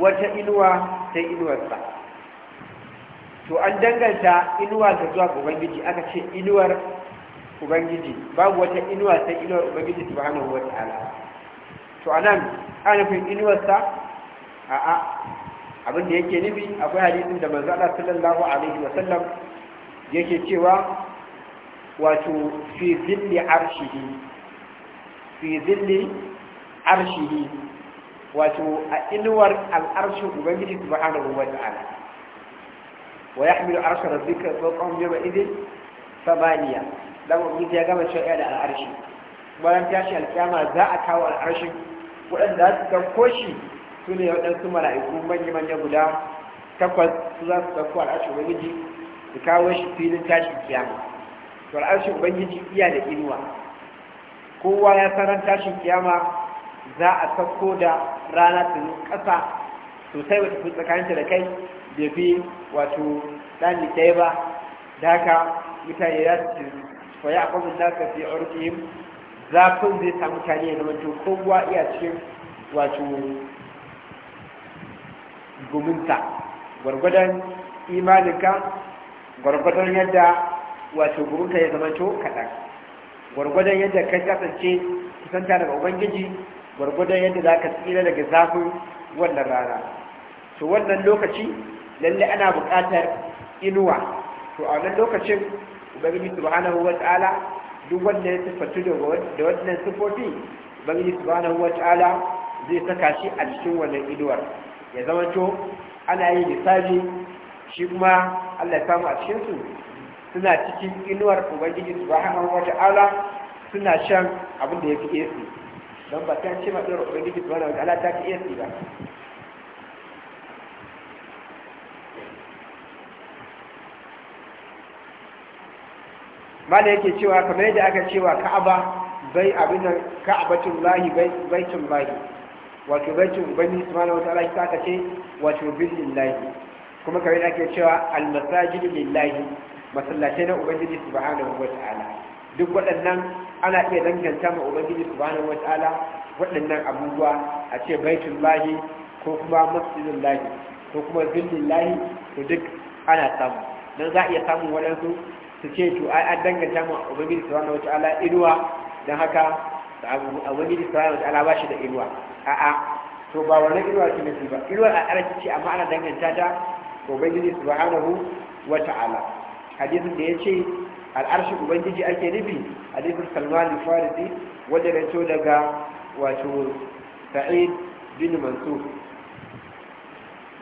wata inuwa ta inuwarsa to an danganta inuwa ta zuwa ubangiji aka ce inuwar ubangiji babu wata inuwa ta inuwar ubangiji subhanahu wa ala to a nan ana nufin inuwarsa a'a abin da yake nufi akwai hadisin da manzana Allah sallallahu alaihi wasallam yake cewa wato fi zilli arshihi fi zilli arshihi wato a inuwar al'arshin ubangiji subhanahu wa ta'ala wa yahmilu arsha rabbika fawqahum yawma idin? thamaniya dan ubangiji ya gama cewa da al'arshi bayan tashi alkiyama za a kawo al'arshin waɗanda su ɗauko shi su ne waɗansu mala'iku manya-manya guda takwas su za su ɗauko al'arshin ubangiji su kawo shi filin tashin kiyama to al'arshin ubangiji iya da inuwa kowa ya sanar tashin kiyama za a sauko da rana ta yi ƙasa sosai wata fi tsakanci da kai da fi wato ɗan ɗaya ba da haka mutane za su faya a kwamin nasa fi orkihim zafin zai sa mutane ya zama to kowa iya cikin wato gominta gwargwadon imanika gwargwadon yadda wato gominta ya zama to kaɗan gwargwadon yadda ka kasance kusanta daga ubangiji gwargwadon yadda za ka tsira daga zafin wannan rana to wannan lokaci lalle ana buƙatar inuwa to a wannan lokacin ubangiji subhanahu wa ta'ala duk wanda ya siffatu da wannan siffofi ubangiji subhanahu wa ta'ala zai saka shi a cikin wannan inuwar ya zama to ana yi lissafi shi kuma Allah ya samu a cikin su suna cikin inuwar ubangiji subhanahu wa ta'ala suna shan abin da ya fi su don ba ta ce maɗin ubangiji su wani ala ta fi iya tsira mala yake cewa kamar yadda aka cewa ka'aba bai abin nan ka'abatun lahi cin lahi wato cin bani subhanahu wataala ita aka ce wato billin lahi kuma kamar yadda ake cewa almasajid lillahi masallatai na ubangiji wata ala duk waɗannan ana iya danganta ma ubangiji subhanahu wataala waɗannan abubuwa a ce baitul lahi ko kuma masjidul lahi ko kuma zillin lahi to duk ana samu dan za a iya samun waɗansu su ce to ai an danganta ma ubangiji subhanahu wataala inuwa dan haka ubangiji subhanahu wataala ba shi da inuwa a'a to ba wannan inuwa ce nufi ba inuwa a ƙarfi ce amma ana danganta ta ubangiji subhanahu wataala hadisin da ya ce al'arshi ubangiji ake nufi hadisin salman farisi wanda to daga wato sa'id bin mansur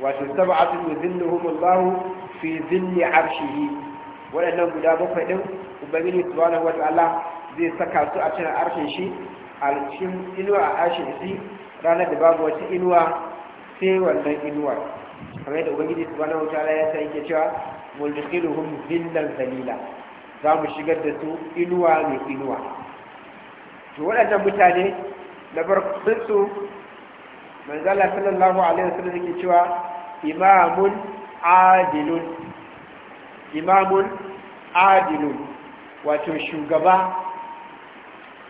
wato sab'atun hukun bahu fi arshi arshihi waɗannan guda bakwai ɗin ubangiji wata Allah zai saka su a cikin arshin shi a inuwa a arshin shi ranar da babu wata inuwa sai wannan inuwa kamar yadda ubangiji wata ala ya sa yake cewa mulkiluhum zillan zalila za mu shigar da su inuwa mai inuwa to waɗannan mutane na farkonsu manzala sallallahu alaihi wasallam yake cewa imamun adilun imamun adilun wato shugaba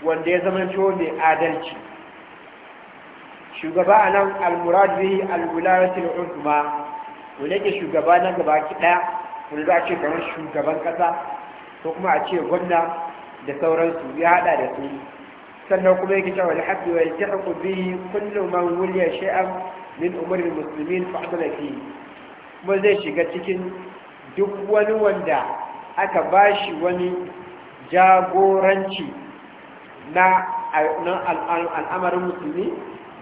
wanda ya zama cewa mai adalci shugaba a nan almurad bihi da uzma wanda yake shugaba na gaba ki ɗaya wanda za a ce kamar shugaban ƙasa? ko kuma a ce gwamna da sauransu ya hada da su sannan kuma yake cewa alhaqqi wa yaltahiqu bihi kullu man wuliya shay'an min umuri almuslimin fa adala fi kuma zai shiga cikin duk wani wanda aka bashi wani jagoranci na al'amarin musulmi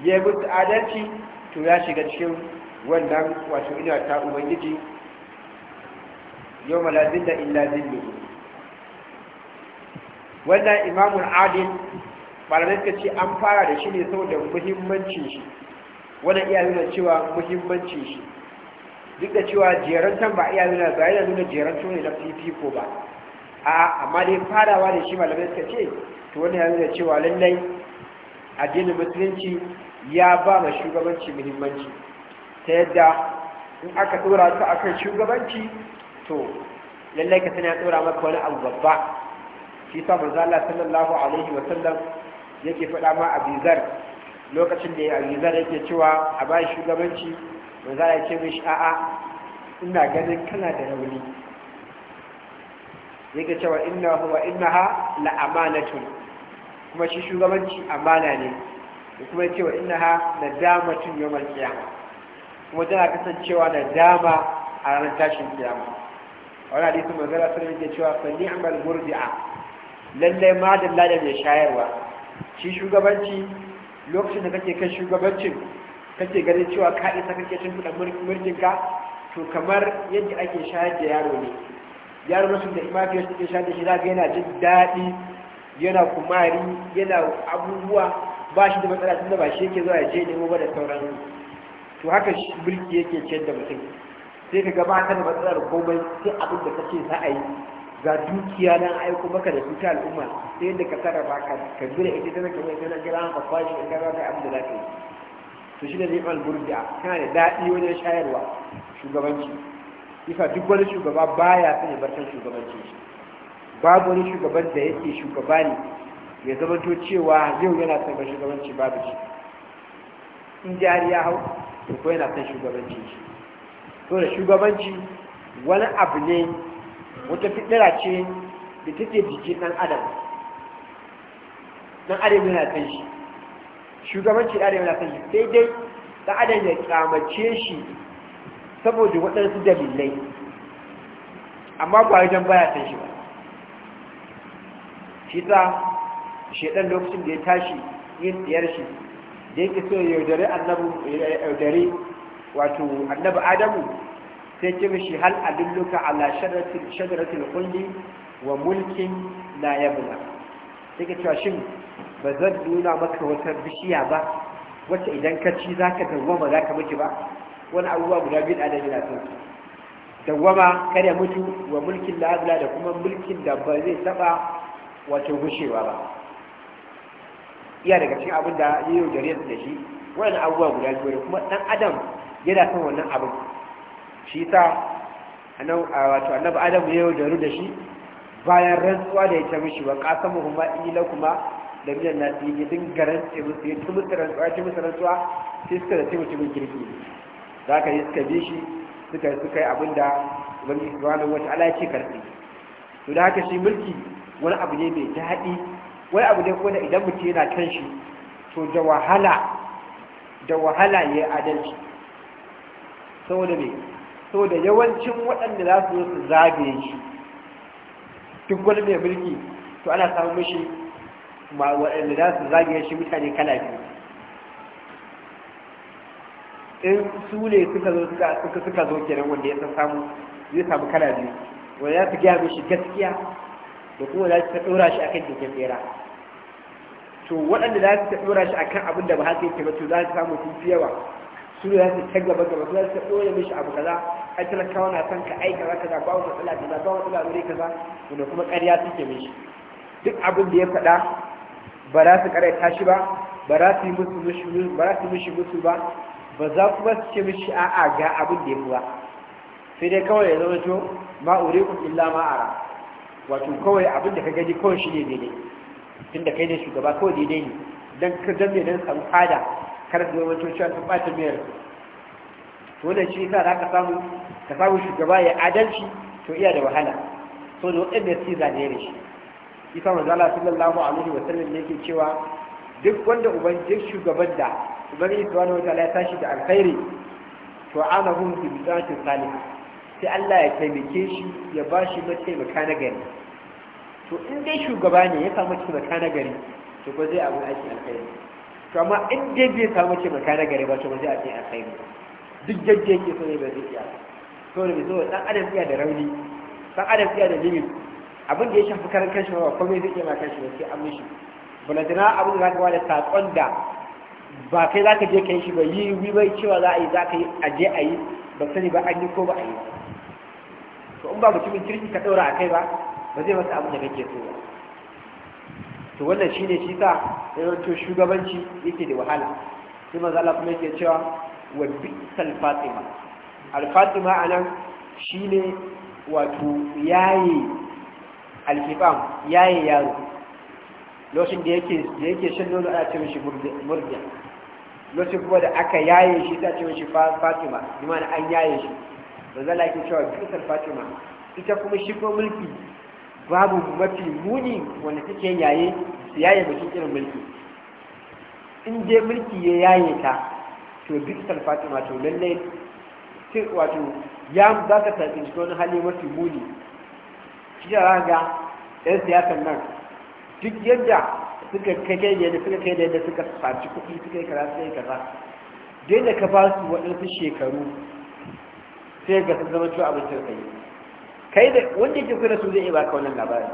ya mutu adalci to ya shiga cikin wannan wato ina ta ubangiji yau malazin da illa zillu wannan imamun adil malamai suka ce an fara da shi ne saboda muhimmancin shi wannan iya nuna cewa muhimmancin shi duk da cewa jerantan ba iya nuna ba yana nuna jerantan ne na fifiko ba a amma dai farawa da shi malamai suka ce to wannan ya nuna cewa lallai addinin musulunci ya ba ma shugabanci muhimmanci ta yadda in aka tsora su akan shugabanci to lallai ka sani ya tsora maka wani abu babba shi sa manzo Allah sallallahu alaihi wa sallam yake faɗa ma abizar lokacin da abizar yake cewa a bai shugabanci manzo ya ce mishi a'a ina ganin kana da rauni yake cewa inna huwa innaha la amanatu kuma shi shugabanci amana ne da kuma cewa innaha yau mai kiyama kuma tana kasancewa nadama a ranar tashin kiyama wani hadisin wa sallam yake cewa fa ni'mal Gurbi'a. lallai ma da mai shayarwa shi shugabanci lokacin da kake kan shugabancin kake ganin cewa ka isa kake cin kudin mulkinka to kamar yadda ake shayar da yaro ne yaro na da imafiyar suke shayar da shi zaka yana jin daɗi yana kumari yana abubuwa ba shi da matsala tunda ba shi yake zuwa ya je nemo ba da sauran to haka mulki yake ciyar da mutum sai ka gabatar da matsalar komai sai abin da kace za a yi ga dukiya nan aiko maka da dukiya al'umma sai yadda ka sarrafa ka ka gina ita tana ka ita tana gira ka kwashi ka gara ka abin da za yi to shi da zai mal burda tana da daɗi wajen shayarwa shugabanci isa duk wani shugaba baya son ya barkan shugabanci babu wani shugaban da yake shugaba ne ya to cewa yau yana son ba shugabanci babu shi in jari ya hau to ko yana son shugabanci shi to da shugabanci wani abu ne wata fitara ce da take jikin ɗan adam ɗan adam yana kan shi shugabanci ɗan adam yana kan shi sai dai ɗan adam ya kyamace shi saboda waɗansu dalilai amma ba jan baya kan shi ba shi ta shaidan lokacin da ya tashi yin tsayar shi da yake so ya yaudare annabu yaudare wato annabu adamu sai ce mishi hal adulluka ala shajaratil kulli wa mulkin la yabla sai ka cewa shin ba zan nuna maka wata bishiya ba wacce idan ka ci za zaka dawwama ka mutu ba wani abubuwa guda biyu da adabi na sun dawwama kada mutu wa mulkin la yabla da kuma mulkin da ba zai taba wato gushewa ba iya daga cikin abin da yau jariyar da shi Wani abubuwa guda biyu kuma dan adam yana son wannan abin shi ta wato annabu adamu ya yaudaru da shi bayan rantsuwa da ya ce mishi wa kasamu kuma ila kuma da miyan na su yi dinga musu ya ci musu rantsuwa ci musu rantsuwa sai suka da mutumin kirki ne za ka yi suka bi shi suka yi suka yi abin da wani subhanahu wata ala ya ce karfi to da haka shi mulki wani abu ne mai daɗi wani abu ne kuma idan mutum yana kan shi to da wahala da wahala ya yi adalci saboda mai so da yawancin waɗanda za su zo su zabe shi duk wani mai mulki to ana samun mishi waɗanda za su zabe shi mutane kala biyu in su ne suka zo suka suka zo kenan wanda ya samu zai samu kala biyu wanda za su gaya mashi gaskiya da kuma za su ta ɗora shi akan jikin bera to waɗanda za su ta ɗora shi akan abin da ba haka yake ba to za su samu sun fi yawa suru ya ce su ta gaba gaba su za su mishi abu kaza ai talakawa na son ka ai kaza kaza ba wata tsala kaza ba wata tsala wuri kaza wanda kuma ƙarya suke mishi duk abin da ya faɗa ba za su ƙarya tashi ba ba za su yi musu ba za su mishi musu ba ba za kuma su ce mishi a'a ga abin da ya fi ba sai dai kawai ya zama to ma ku illa ma ara wato kawai abin da ka gaji kawai shi ne daidai tunda kai ne shugaba kawai daidai ne dan ka zame dan samu fada kar da yawancin cewa sun ɓata miyar to wannan shi yasa da ka samu ka samu shugaba ya adalci to iya da wahala so da ya su zane ne shi isa manzala sallallahu alaihi wa sallam ne yake cewa duk wanda uban duk shugaban da ubangiji tsawon wata ya tashi da alkhairi to anahu bi bidatin salih sai Allah ya taimake shi ya ba bashi mataimaka na gari to in dai shugaba ne ya samu mataimaka na gari to ko zai abu aiki alkhairi to amma in dai ta samu mai maka na gare ba to ba zai a ce an sai duk jajje ke so ne ba zai iya to ne zo dan adam iya da rauni dan adam iya da limit abin da ya shafi karan kanshi ba komai zai iya ma kanshi ba sai an mishi balantana abin da zaka wada sakon da ba kai zaka je kai shi ba yi wi bai cewa za a yi zaka yi a je a yi ba sani ba an yi ko ba a yi to in ba mutumin kirki ka daura a kai ba ba zai masa abin da kake so ba to wannan ne shi sa yawancin shugabanci yake da wahala sai maza Allah kuma yake cewa wa bisal fatima al fatima anan ne wato yayi alkifam yayi yaro lokacin da yake da yake shan nono ana ce mishi murda lokacin kuma da aka yaye shi ta ce mishi fatima bi an yaye shi manzo Allah yake cewa bisal fatima ita kuma shi ko mulki babu mafi muni wanda take yaye su yaye bakin irin mulki in dai mulki ya yaye ta to duk salfatima to lallai wato ya za ka tafi shi wani hali mafi muni shi da ga ɗan siyasan nan duk yadda suka kai da yadda suka kai da yadda suka faci kuɗi suka yi kaza suka yi kaza dai da ka ba su waɗansu shekaru sai ga su zama cewa abin kai kai da wanda yake kusa da su zai iya baka wannan labari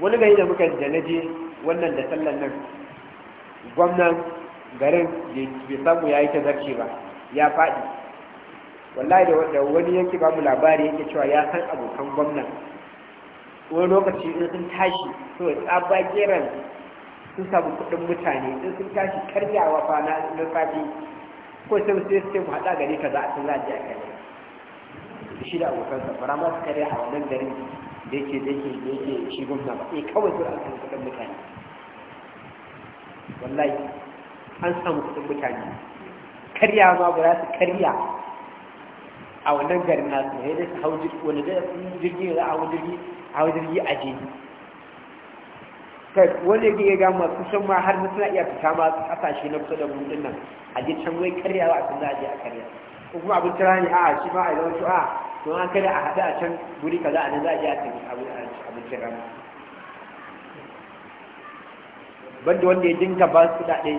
wani gari da muka da na je wannan da sallan nan gwamnan garin bai samu ya yi ta zarce ba ya faɗi wallahi da wani yanki ba mu labari yake cewa ya san abokan gwamnan wani lokaci in sun tashi so tsaba geran sun samu kuɗin mutane in sun tashi karyawa fa na safi ko sai sai mu haɗa gari kaza a sun ji a kai shi da abokansa ba ma su kare a wannan garin da yake da yake da yake shi gwamna ba eh kawai zuwa an samu kuɗin mutane wallahi an samu kuɗin mutane karya ma ba za su karya a wannan garin nasu ne dai su hau jirgi wani da jirgi za a hau jirgi a hau jirgi a je wanda ke ga masu san ma har suna iya fita ma kasashe na kusa da mu nan a je can wai karyawa a kan za a je a karyawa ko kuma abin tara ne a'a shi ma a yi wasu a'a to an kada a haɗu a can guri kaza a nan za a je a tafi abin tara ne banda wanda ya dinga ba su kuɗaɗe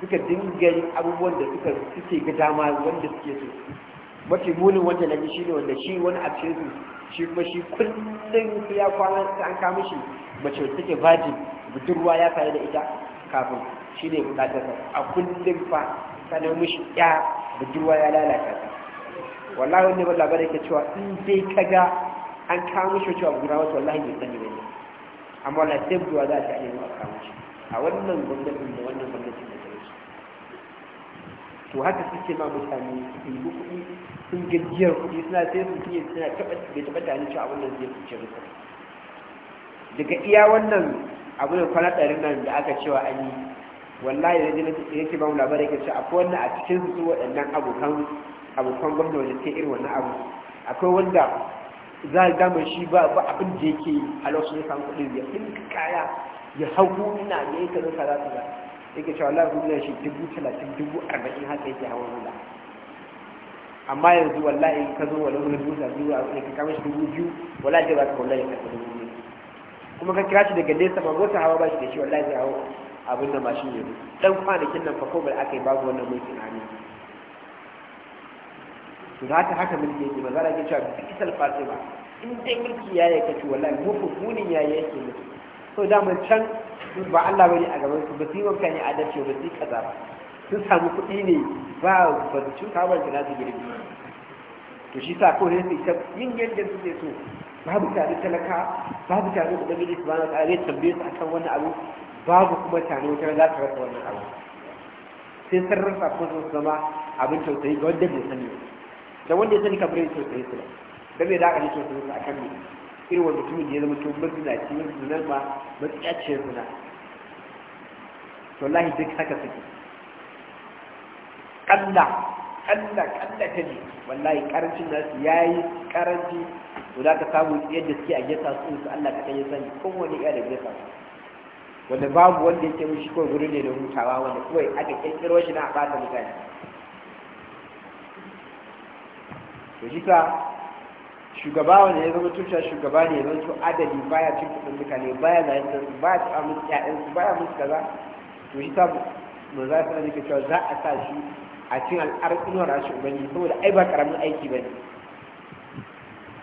suka dinga yin abubuwan da suka suke ga dama wanda suke so mafi munin wanda na shi ne wanda shi wani a su shi kuma shi kullum ya kwana ta an kama shi mace take virgin budurwa ya tare da ita kafin shi ne bukatarsa a kullum fa sani mishi ya budurwa ya lalata ta wallahi wani ba labarai ke cewa in dai kaga an kawo mishi cewa budurwa wata wallahi mai sani ba ne amma wani sai budurwa za ta ainihin a kawo mishi a wannan gwamnatin da wannan gwamnatin da ta to haka suke ma mutane sun yi kuɗi sun gajiyar kuɗi suna sai su fiye suna taɓa bai taɓa da cewa wannan zai fice rufe daga iya wannan abu da kwana ɗari nan da aka cewa an yi wallahi da ji yake ba mu labarai yake cewa akwai wannan a cikin su waɗannan abokan abokan gwamna wanda ke irin wannan abu akwai wanda za a gama shi ba ba abin da yake a lokacin ya samu kuɗin ya fin kaya ya hagu ina ne ya kaza kaza kaza yake cewa wallahi rubulan shi dubu talatin dubu arba'in haka yake hawan rula amma yanzu wallahi ka zo wani wani dubu biyu a wani ka kama shi dubu biyu wallahi zai ba ka wallahi ya kasa dubu biyu kuma ka kira shi daga nesa ma mota hawa ba shi da shi wallahi zai hawa abin da mashin ya zo dan kwanakin nan fa bai aka yi babu wannan mulkin ari. to da haka haka mulki yake maza da ke cewa fasi ba in dai mulki ya yi kaci wallahi mafi munin ya yi yake mutu so da mun can ba Allah bane a gaban su ba su yi wanka ne a dace ba su yi kaza ba sun samu kuɗi ne ba ba su cuta ba da su girbi to shi sa ko ne su yin yadda suke so babu tare talaka babu tare da ɗan gidi su ba na tsare tambaye su akan wani abu babu kuma tani wata za ta rasa wannan abu sai sun rasa ko sun zama abin tausayi ga wanda bai sani da wanda ya sani kamar yin tausayi su da mai da aka tausayi su akan mai irin wanda mutum da ya zama tun cikin zunar ma matsiyaciyar zina to wallahi duk haka suke kalla kalla kalla ta ne wallahi karancin nasu ya yi karanci to za ka samu yadda suke a gesa su Allah ka kan ya sani kowane iya da gesa su wanda babu wanda yake mishi kawai guri ne da hutawa wanda kawai aka kirkiro shi na abata mutane to shi ta shugaba wanda ya zama tuta shugaba ne ya zanto adali baya cin kuɗin mutane baya zayanta su baya ci amin su, baya musu kaza to shi ta mu za ta nake cewa za a sa shi a cin al'arƙinuwar rashin ubangiji saboda ai ba ƙaramin aiki ba ne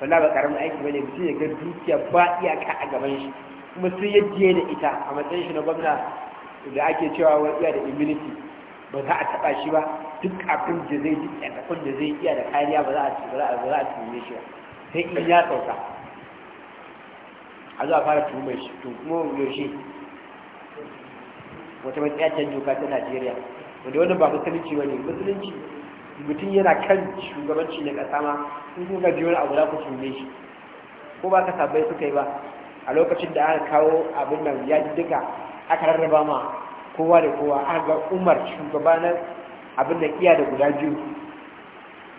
wala ba ƙaramin aiki ba ne mutum ya ga dukiya ba iyaka a gaban shi kuma sun da ita a matsayin shi na gwamna da ake cewa wani iya da immunity ba za a taba shi ba duk abin da zai duk abin da zai iya da kariya ba za a ba za a tume shi ba sai in ya sauka a zuwa fara tume shi to kuma yaushe wata matsaya can doka ta Najeriya wanda wannan ba musulunci ba ne musulunci mutum yana kan shugabanci na kasa ma sun kuma ga biyu wani abu za ku tume shi ko ba ka sabai suka yi ba a lokacin da aka kawo abin nan ya duka aka rarraba ma kowa da kowa aka ga umar shugabanar abin da iya da guda biyu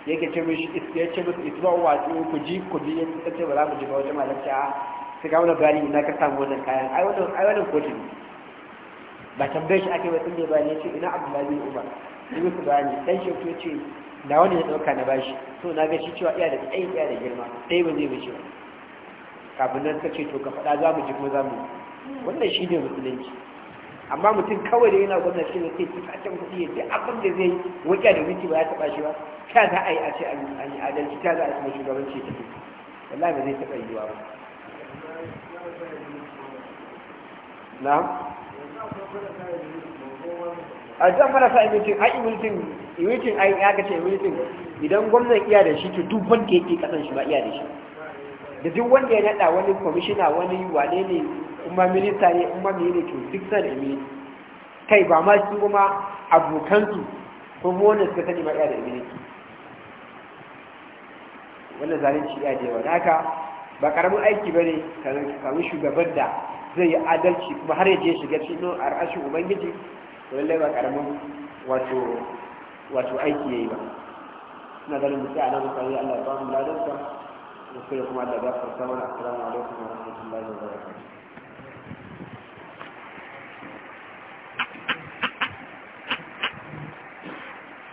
yake ce mishi ya ce musu isma wa ku ji ku ji ya ce ba za mu ji ba wajen malamci ah, a su ga wani gari ina ka samu wannan kayan ai wannan ai wannan kotu ne ba tambaye shi ake ba ne da bayani ya ce ina abdullahi bin umar sai musu bayani dan shi ya ce na wani ya dauka na bashi to na ga shi cewa iya da tsayi iya da girma sai ba zai bace ba kafin nan suka to ka fada zamu mu ji ko za mu wannan shi musulunci amma mutum kawai da yana gwamnati ne sai fita can kuɗi ya ce abin da zai wuce da wuce ba ya taɓa shi ba ta za a yi a ce an yi adalci ta za a kuma shugabanci ta fi wallahi ba zai taɓa yiwuwa ba na a zan fara sa imitin a imitin imitin a yi aka ce imitin idan gwamnan iya da shi to duk wanda yake kasan shi ba iya da shi da duk wanda ya naɗa wani kwamishina wani wane ne kuma minista ne kuma mai ne to duk san da kai ba ma su kuma abokansu ko wanda suka sani ma da imini wannan zalunci ya da yawa haka ba karamin aiki ba ne ka shugaban da zai yi adalci kuma har yaje shiga cikin arashin ubangiji lallai ba karamin wato aiki ya yi ba suna ganin mutu a nan mutane allah ya ba mu ladarsa kuskure kuma da ba su samar assalamu alaikum wa rahmatullahi wa